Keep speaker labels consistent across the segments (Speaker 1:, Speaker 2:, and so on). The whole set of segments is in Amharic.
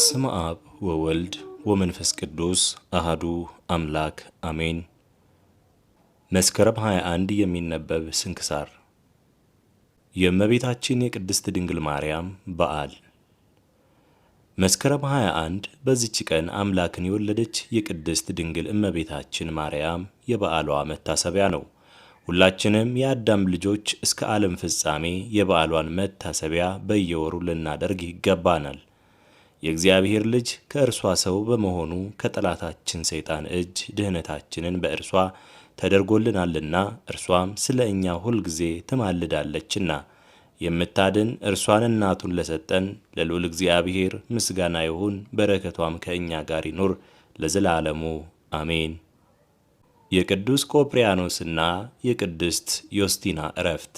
Speaker 1: በስመ አብ ወወልድ ወመንፈስ ቅዱስ አህዱ አምላክ አሜን። መስከረም 21 የሚነበብ ስንክሳር የእመቤታችን የቅድስት ድንግል ማርያም በዓል መስከረም 21 በዚች ቀን አምላክን የወለደች የቅድስት ድንግል እመቤታችን ማርያም የበዓሏ መታሰቢያ ነው። ሁላችንም የአዳም ልጆች እስከ ዓለም ፍጻሜ የበዓሏን መታሰቢያ በየወሩ ልናደርግ ይገባናል። የእግዚአብሔር ልጅ ከእርሷ ሰው በመሆኑ ከጠላታችን ሰይጣን እጅ ድህነታችንን በእርሷ ተደርጎልናልና እርሷም ስለ እኛ ሁልጊዜ ትማልዳለችና የምታድን እርሷን እናቱን ለሰጠን ለልዑል እግዚአብሔር ምስጋና ይሁን። በረከቷም ከእኛ ጋር ይኑር ለዘላለሙ አሜን። የቅዱስ ቆጵሪያኖስና የቅድስት ዮስቲና እረፍት።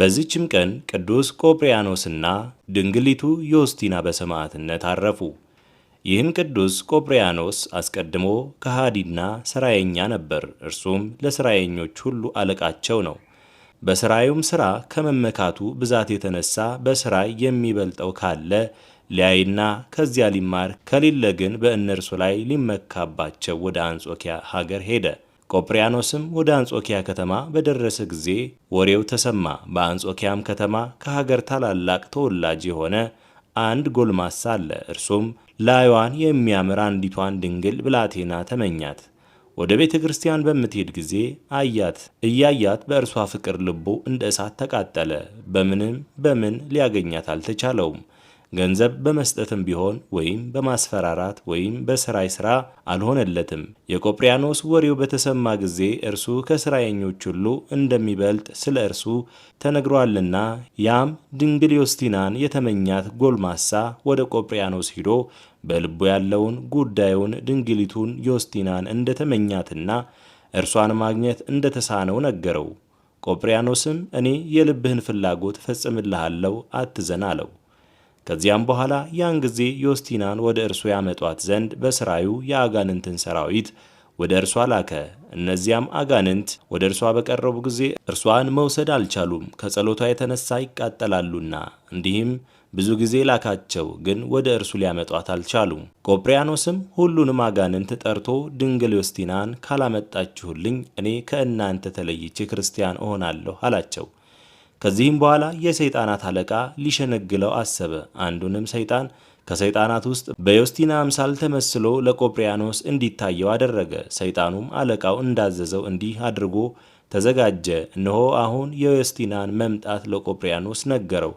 Speaker 1: በዚችም ቀን ቅዱስ ቆጵሪያኖስና ድንግሊቱ ዮስቲና በሰማዕትነት አረፉ። ይህም ቅዱስ ቆጵሪያኖስ አስቀድሞ ከሃዲና ሥራየኛ ነበር። እርሱም ለሥራየኞች ሁሉ አለቃቸው ነው። በሥራዩም ሥራ ከመመካቱ ብዛት የተነሳ በሥራይ የሚበልጠው ካለ ሊያይና ከዚያ ሊማር ከሌለ ግን በእነርሱ ላይ ሊመካባቸው ወደ አንጾኪያ ሀገር ሄደ። ቆጵሪያኖስም ወደ አንጾኪያ ከተማ በደረሰ ጊዜ ወሬው ተሰማ። በአንጾኪያም ከተማ ከሀገር ታላላቅ ተወላጅ የሆነ አንድ ጎልማሳ አለ። እርሱም ላይዋን የሚያምር አንዲቷን ድንግል ብላቴና ተመኛት። ወደ ቤተ ክርስቲያን በምትሄድ ጊዜ አያት። እያያት በእርሷ ፍቅር ልቡ እንደ እሳት ተቃጠለ። በምንም በምን ሊያገኛት አልተቻለውም። ገንዘብ በመስጠትም ቢሆን ወይም በማስፈራራት ወይም በስራይ ስራ አልሆነለትም። የቆጵሪያኖስ ወሬው በተሰማ ጊዜ እርሱ ከስራየኞች ሁሉ እንደሚበልጥ ስለ እርሱ ተነግሯልና፣ ያም ድንግል ዮስቲናን የተመኛት ጎልማሳ ወደ ቆጵሪያኖስ ሂዶ በልቡ ያለውን ጉዳዩን ድንግሊቱን ዮስቲናን እንደተመኛትና እርሷን ማግኘት እንደተሳነው ነገረው። ቆጵሪያኖስም እኔ የልብህን ፍላጎት ፈጽምልሃለሁ፣ አትዘን አለው። ከዚያም በኋላ ያን ጊዜ ዮስቲናን ወደ እርሱ ያመጧት ዘንድ በስራዩ የአጋንንትን ሰራዊት ወደ እርሷ ላከ። እነዚያም አጋንንት ወደ እርሷ በቀረቡ ጊዜ እርሷን መውሰድ አልቻሉም፣ ከጸሎቷ የተነሳ ይቃጠላሉና። እንዲህም ብዙ ጊዜ ላካቸው፣ ግን ወደ እርሱ ሊያመጧት አልቻሉም። ቆጵሪያኖስም ሁሉንም አጋንንት ጠርቶ ድንግል ዮስቲናን ካላመጣችሁልኝ እኔ ከእናንተ ተለይቼ ክርስቲያን እሆናለሁ አላቸው። ከዚህም በኋላ የሰይጣናት አለቃ ሊሸነግለው አሰበ። አንዱንም ሰይጣን ከሰይጣናት ውስጥ በዮስቲና አምሳል ተመስሎ ለቆጵሪያኖስ እንዲታየው አደረገ። ሰይጣኑም አለቃው እንዳዘዘው እንዲህ አድርጎ ተዘጋጀ። እነሆ አሁን የዮስቲናን መምጣት ለቆጵሪያኖስ ነገረው።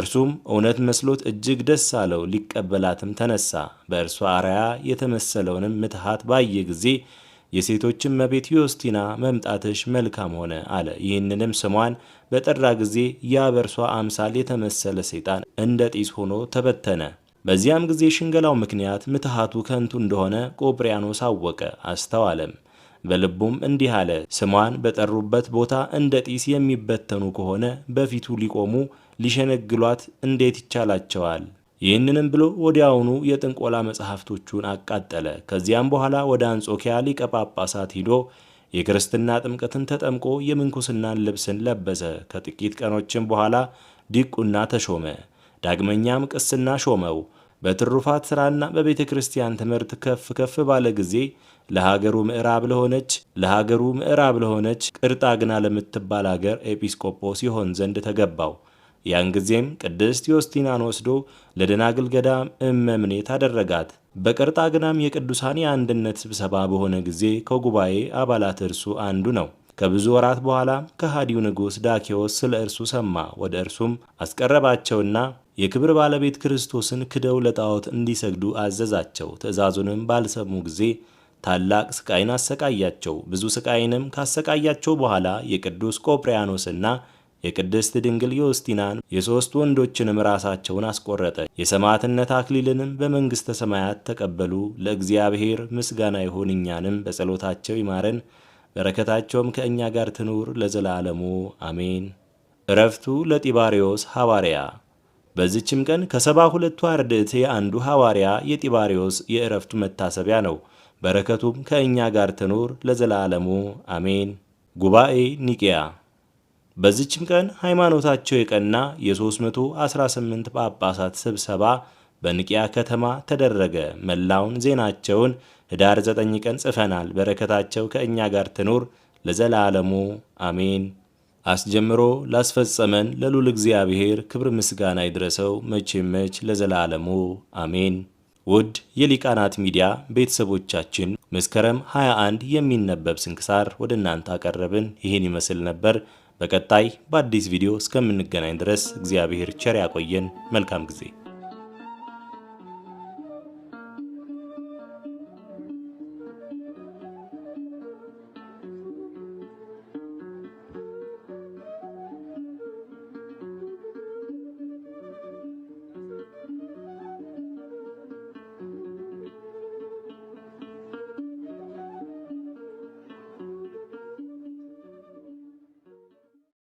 Speaker 1: እርሱም እውነት መስሎት እጅግ ደስ አለው። ሊቀበላትም ተነሳ። በእርሷ አርያ የተመሰለውንም ምትሃት ባየ ጊዜ የሴቶችን መቤት ዮስቲና መምጣትሽ መልካም ሆነ አለ። ይህንንም ስሟን በጠራ ጊዜ ያ በእርሷ አምሳል የተመሰለ ሰይጣን እንደ ጢስ ሆኖ ተበተነ። በዚያም ጊዜ ሽንገላው ምክንያት ምትሃቱ ከንቱ እንደሆነ ቆጵሪያኖስ አወቀ፣ አስተዋለም። በልቡም እንዲህ አለ፣ ስሟን በጠሩበት ቦታ እንደ ጢስ የሚበተኑ ከሆነ በፊቱ ሊቆሙ ሊሸነግሏት እንዴት ይቻላቸዋል? ይህንንም ብሎ ወዲያውኑ የጥንቆላ መጽሐፍቶቹን አቃጠለ። ከዚያም በኋላ ወደ አንጾኪያ ሊቀ ጳጳሳት ሂዶ የክርስትና ጥምቀትን ተጠምቆ የምንኩስናን ልብስን ለበሰ። ከጥቂት ቀኖችም በኋላ ዲቁና ተሾመ። ዳግመኛም ቅስና ሾመው። በትሩፋት ሥራና በቤተ ክርስቲያን ትምህርት ከፍ ከፍ ባለ ጊዜ ለሀገሩ ምዕራብ ለሆነች ለሀገሩ ምዕራብ ለሆነች ቅርጣግና ለምትባል አገር ኤጲስቆጶስ ይሆን ዘንድ ተገባው። ያን ጊዜም ቅድስት ዮስቲናን ወስዶ ለደናግል ገዳም እመምኔት አደረጋት። በቀርጣ ገዳም የቅዱሳን የአንድነት ስብሰባ በሆነ ጊዜ ከጉባኤ አባላት እርሱ አንዱ ነው። ከብዙ ወራት በኋላ ከሃዲው ንጉሥ ዳኪዎስ ስለ እርሱ ሰማ። ወደ እርሱም አስቀረባቸውና የክብር ባለቤት ክርስቶስን ክደው ለጣዖት እንዲሰግዱ አዘዛቸው። ትእዛዙንም ባልሰሙ ጊዜ ታላቅ ስቃይን አሰቃያቸው። ብዙ ስቃይንም ካሰቃያቸው በኋላ የቅዱስ ቆጵርያኖስና የቅድስት ድንግል ዮስቲናን የሦስት ወንዶችንም ራሳቸውን አስቆረጠ። የሰማዕትነት አክሊልንም በመንግሥተ ሰማያት ተቀበሉ። ለእግዚአብሔር ምስጋና ይሁን፣ እኛንም በጸሎታቸው ይማረን፣ በረከታቸውም ከእኛ ጋር ትኑር ለዘላለሙ አሜን። እረፍቱ ለጢባሪዮስ ሐዋርያ። በዚችም ቀን ከሰባ ሁለቱ አርድእት የአንዱ ሐዋርያ የጢባሪዮስ የእረፍቱ መታሰቢያ ነው። በረከቱም ከእኛ ጋር ትኑር ለዘላለሙ አሜን። ጉባኤ ኒቅያ በዚችም ቀን ሃይማኖታቸው የቀና የ318 ጳጳሳት ስብሰባ በንቅያ ከተማ ተደረገ። መላውን ዜናቸውን ህዳር 9 ቀን ጽፈናል። በረከታቸው ከእኛ ጋር ትኑር ለዘላለሙ አሜን። አስጀምሮ ላስፈጸመን ለሉል እግዚአብሔር ክብር ምስጋና ይድረሰው መቼም መች ለዘላለሙ አሜን። ውድ የሊቃናት ሚዲያ ቤተሰቦቻችን መስከረም 21 የሚነበብ ስንክሳር ወደ እናንተ አቀረብን። ይህን ይመስል ነበር። በቀጣይ በአዲስ ቪዲዮ እስከምንገናኝ ድረስ እግዚአብሔር ቸር ያቆየን። መልካም ጊዜ